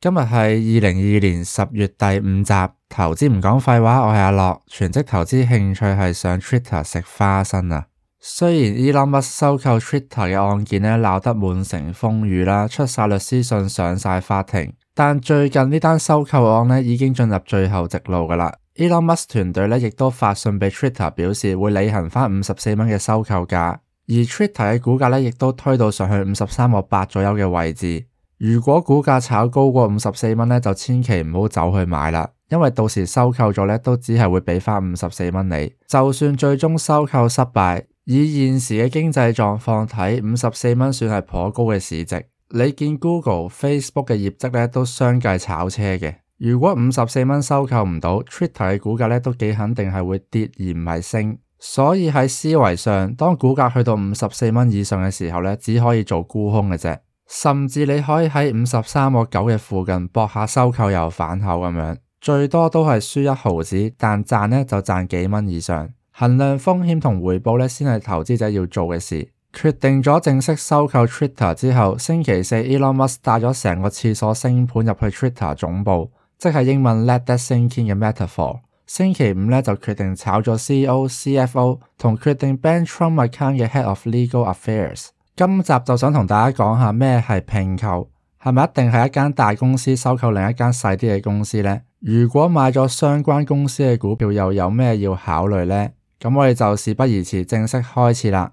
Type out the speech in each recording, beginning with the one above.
今日係二零二二年十月第五集，投資唔講廢話，我係阿樂全職投資，興趣係上 Twitter 食花生啊！雖然 Elon Musk 收購 Twitter 嘅案件咧鬧得滿城風雨啦，出晒律師信上晒法庭，但最近呢單收購案咧已經進入最後直路噶啦。Elon Musk 團隊咧亦都發信俾 Twitter，表示會履行返五十四蚊嘅收購價，而 Twitter 嘅股價咧亦都推到上去五十三個八左右嘅位置。如果股價炒高過五十四蚊咧，就千祈唔好走去買啦，因為到時收購咗咧都只係會畀翻五十四蚊你。就算最終收購失敗，以現時嘅經濟狀況睇，五十四蚊算係頗高嘅市值。你見 Google、Facebook 嘅業績咧都相繼炒車嘅，如果五十四蚊收購唔到，Twitter 嘅股價咧都幾肯定係會跌而唔係升。所以喺思維上，當股價去到五十四蚊以上嘅時候咧，只可以做沽空嘅啫。甚至你可以喺五十三個九嘅附近博下收購又反口咁樣，最多都係輸一毫子，但賺呢就賺幾蚊以上。衡量風險同回報呢，先係投資者要做嘅事。決定咗正式收購 Twitter 之後，星期四 Elon Musk 帶咗成個廁所升盤入去 Twitter 總部，即係英文 Let That Sink In 嘅 metaphor。星期五呢，就決定炒咗 CEO、CFO 同決定 ban Trump account 嘅 Head of Legal Affairs。今集就想同大家講下咩係併購，係咪一定係一間大公司收購另一間細啲嘅公司咧？如果買咗相關公司嘅股票，又有咩要考慮咧？咁我哋就事不宜遲，正式開始啦。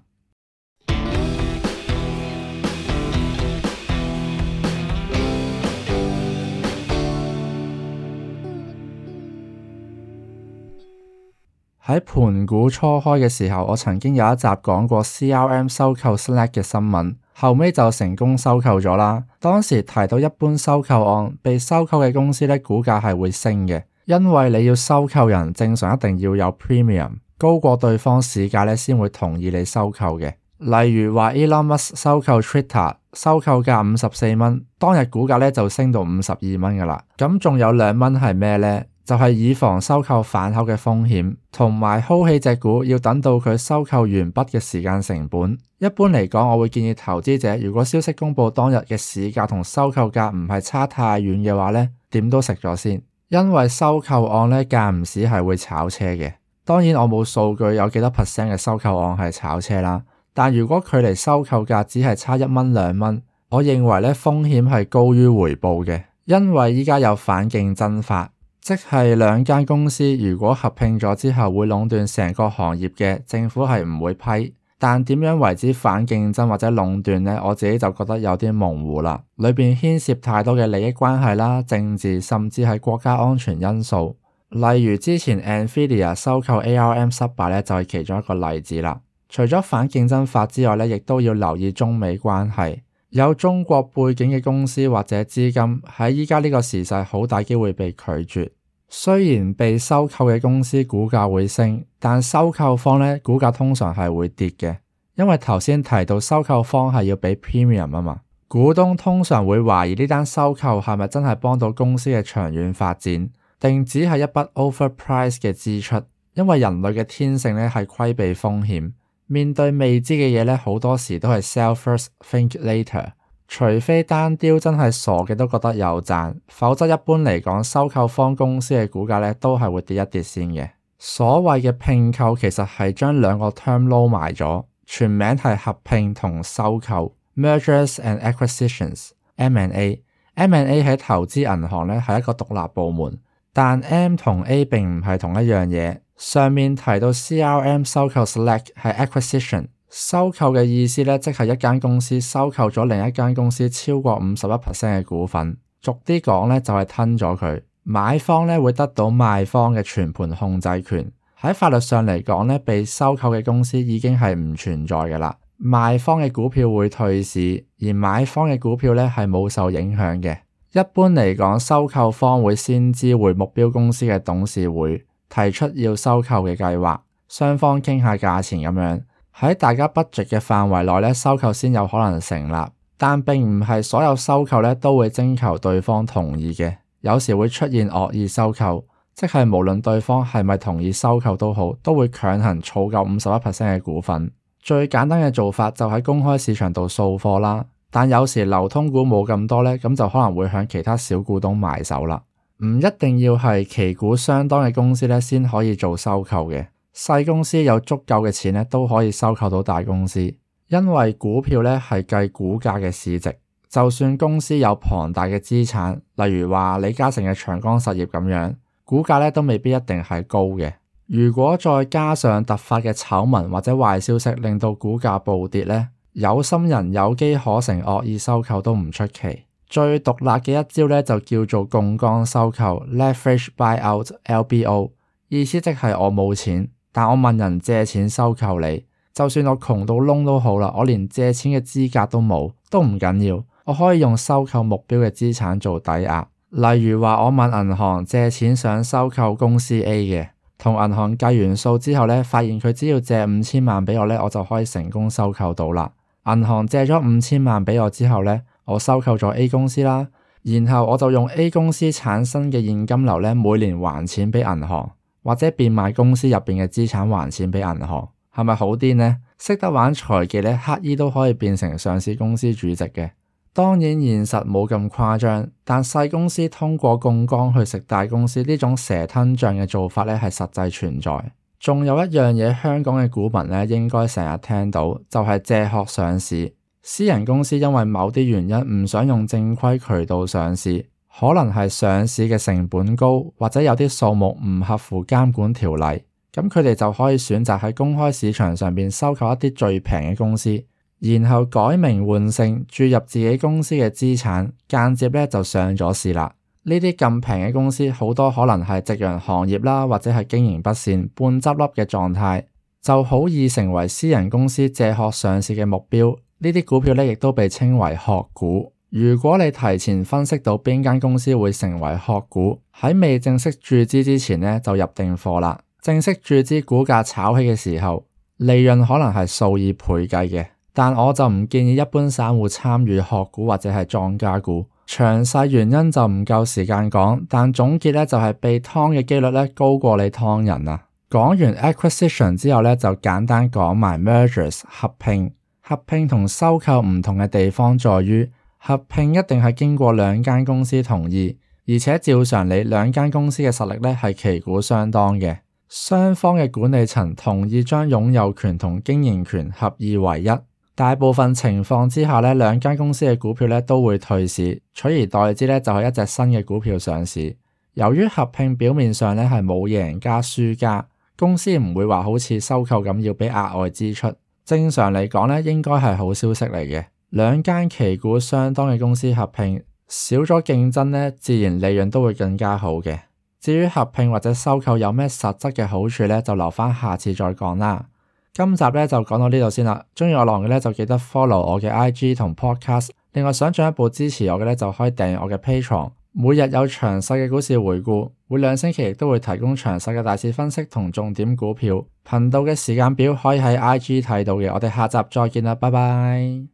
喺盤古初開嘅時候，我曾經有一集講過 CRM 收購 Slack 嘅新聞，後尾就成功收購咗啦。當時提到一般收購案，被收購嘅公司咧，股價係會升嘅，因為你要收購人正常一定要有 premium 高過對方市價咧，先會同意你收購嘅。例如話 Elon Musk 收購 Twitter，收購價五十四蚊，當日股價咧就升到五十二蚊噶啦。咁仲有兩蚊係咩咧？就係以防收購反口嘅風險，同埋拋棄隻股要等到佢收購完畢嘅時間成本。一般嚟講，我會建議投資者，如果消息公佈當日嘅市價同收購價唔係差太遠嘅話呢，點都食咗先，因為收購案呢間唔時係會炒車嘅。當然我冇數據有幾多 percent 嘅收購案係炒車啦，但如果距離收購價只係差一蚊兩蚊，我認為呢風險係高於回報嘅，因為依家有反競爭法。即係兩間公司如果合併咗之後會壟斷成個行業嘅，政府係唔會批。但點樣為之反競爭或者壟斷呢？我自己就覺得有啲模糊啦，裏邊牽涉太多嘅利益關係啦、政治，甚至係國家安全因素。例如之前 NVIDIA 收購 ARM 失敗咧，就係其中一個例子啦。除咗反競爭法之外咧，亦都要留意中美關係。有中國背景嘅公司或者資金喺而家呢個時勢，好大機會被拒絕。雖然被收購嘅公司股價會升，但收購方呢，股價通常係會跌嘅，因為頭先提到收購方係要畀 premium 啊嘛。股東通常會懷疑呢單收購係咪真係幫到公司嘅長遠發展，定只係一筆 overpriced 嘅支出？因為人類嘅天性呢係規避風險，面對未知嘅嘢呢，好多時都係 sell first, think later。除非單 deal 真係傻嘅都覺得有賺，否則一般嚟講，收購方公司嘅股價咧都係會跌一跌先嘅。所謂嘅併購其實係將兩個 term 撈埋咗，全名係合併同收購 （mergers and acquisitions，M&A）。M&A 喺投資銀行咧係一個獨立部門，但 M 同 A, A 並唔係同一樣嘢。上面提到 CRM、收購、select 係 acquisition。收購嘅意思呢，即係一間公司收購咗另一間公司超過五十一 percent 嘅股份。俗啲講呢，就係吞咗佢。買方呢，會得到賣方嘅全盤控制權。喺法律上嚟講呢，被收購嘅公司已經係唔存在噶啦。賣方嘅股票會退市，而買方嘅股票呢，係冇受影響嘅。一般嚟講，收購方會先知會目標公司嘅董事會，提出要收購嘅計劃，雙方傾下價錢咁樣。喺大家 budget 嘅範圍內咧，收購先有可能成立，但並唔係所有收購咧都會徵求對方同意嘅。有時會出現惡意收購，即係無論對方係咪同意收購都好，都會強行儲夠五十一 percent 嘅股份。最簡單嘅做法就喺公開市場度掃貨啦。但有時流通股冇咁多咧，咁就可能會向其他小股東埋手啦。唔一定要係旗鼓相當嘅公司咧，先可以做收購嘅。細公司有足夠嘅錢咧，都可以收購到大公司，因為股票咧係計股價嘅市值。就算公司有龐大嘅資產，例如話李嘉誠嘅長江實業咁樣，股價咧都未必一定係高嘅。如果再加上突發嘅醜聞或者壞消息，令到股價暴跌咧，有心人有機可乘，惡意收購都唔出奇。最毒辣嘅一招咧就叫做槓杆收購 （leverage buyout，LBO），意思即係我冇錢。但我問人借錢收購你，就算我窮到窿都好啦，我連借錢嘅資格都冇，都唔緊要，我可以用收購目標嘅資產做抵押。例如話我問銀行借錢想收購公司 A 嘅，同銀行計完數之後咧，發現佢只要借五千萬俾我咧，我就可以成功收購到啦。銀行借咗五千萬俾我之後咧，我收購咗 A 公司啦，然後我就用 A 公司產生嘅現金流咧，每年還錢俾銀行。或者變賣公司入邊嘅資產還錢畀銀行，係咪好啲呢？識得玩財技咧，刻意都可以變成上市公司主席嘅。當然現實冇咁誇張，但細公司通過槓桿去食大公司呢種蛇吞象嘅做法咧，係實際存在。仲有一樣嘢，香港嘅股民咧，應該成日聽到，就係、是、借殼上市。私人公司因為某啲原因唔想用正規渠道上市。可能係上市嘅成本高，或者有啲數目唔合乎監管條例，咁佢哋就可以選擇喺公開市場上邊收購一啲最平嘅公司，然後改名換姓注入自己公司嘅資產，間接咧就上咗市啦。呢啲咁平嘅公司好多可能係夕陽行業啦，或者係經營不善、半執笠嘅狀態，就好易成為私人公司借殼上市嘅目標。呢啲股票咧，亦都被稱為殼股。如果你提前分析到邊間公司會成為殼股，喺未正式注資之前呢，就入定貨啦。正式注資股價炒起嘅時候，利潤可能係數以倍計嘅，但我就唔建議一般散戶參與殼股或者係莊家股。詳細原因就唔夠時間講，但總結咧就係、是、被劏嘅機率咧高過你劏人啊。講完 acquisition 之後咧，就簡單講埋 mergers 合併。合併同收購唔同嘅地方在於，在於。合併一定係經過兩間公司同意，而且照常理，兩間公司嘅實力呢係旗鼓相當嘅，雙方嘅管理層同意將擁有權同經營權合二為一。大部分情況之下呢，兩間公司嘅股票呢都會退市，取而代之呢就係一隻新嘅股票上市。由於合併表面上呢係冇贏家輸家，公司唔會話好似收購咁要畀額外支出。正常嚟講呢應該係好消息嚟嘅。兩間旗鼓相當嘅公司合併，少咗競爭呢，自然利潤都會更加好嘅。至於合併或者收購有咩實質嘅好處呢，就留翻下次再講啦。今集呢，就講到呢度先啦。鍾意我浪嘅呢，就記得 follow 我嘅 IG 同 Podcast。另外想進一步支持我嘅呢，就可以訂閱我嘅 Patreon。每日有詳細嘅股市回顧，每兩星期亦都會提供詳細嘅大市分析同重點股票。頻道嘅時間表可以喺 IG 睇到嘅。我哋下集再見啦，拜拜。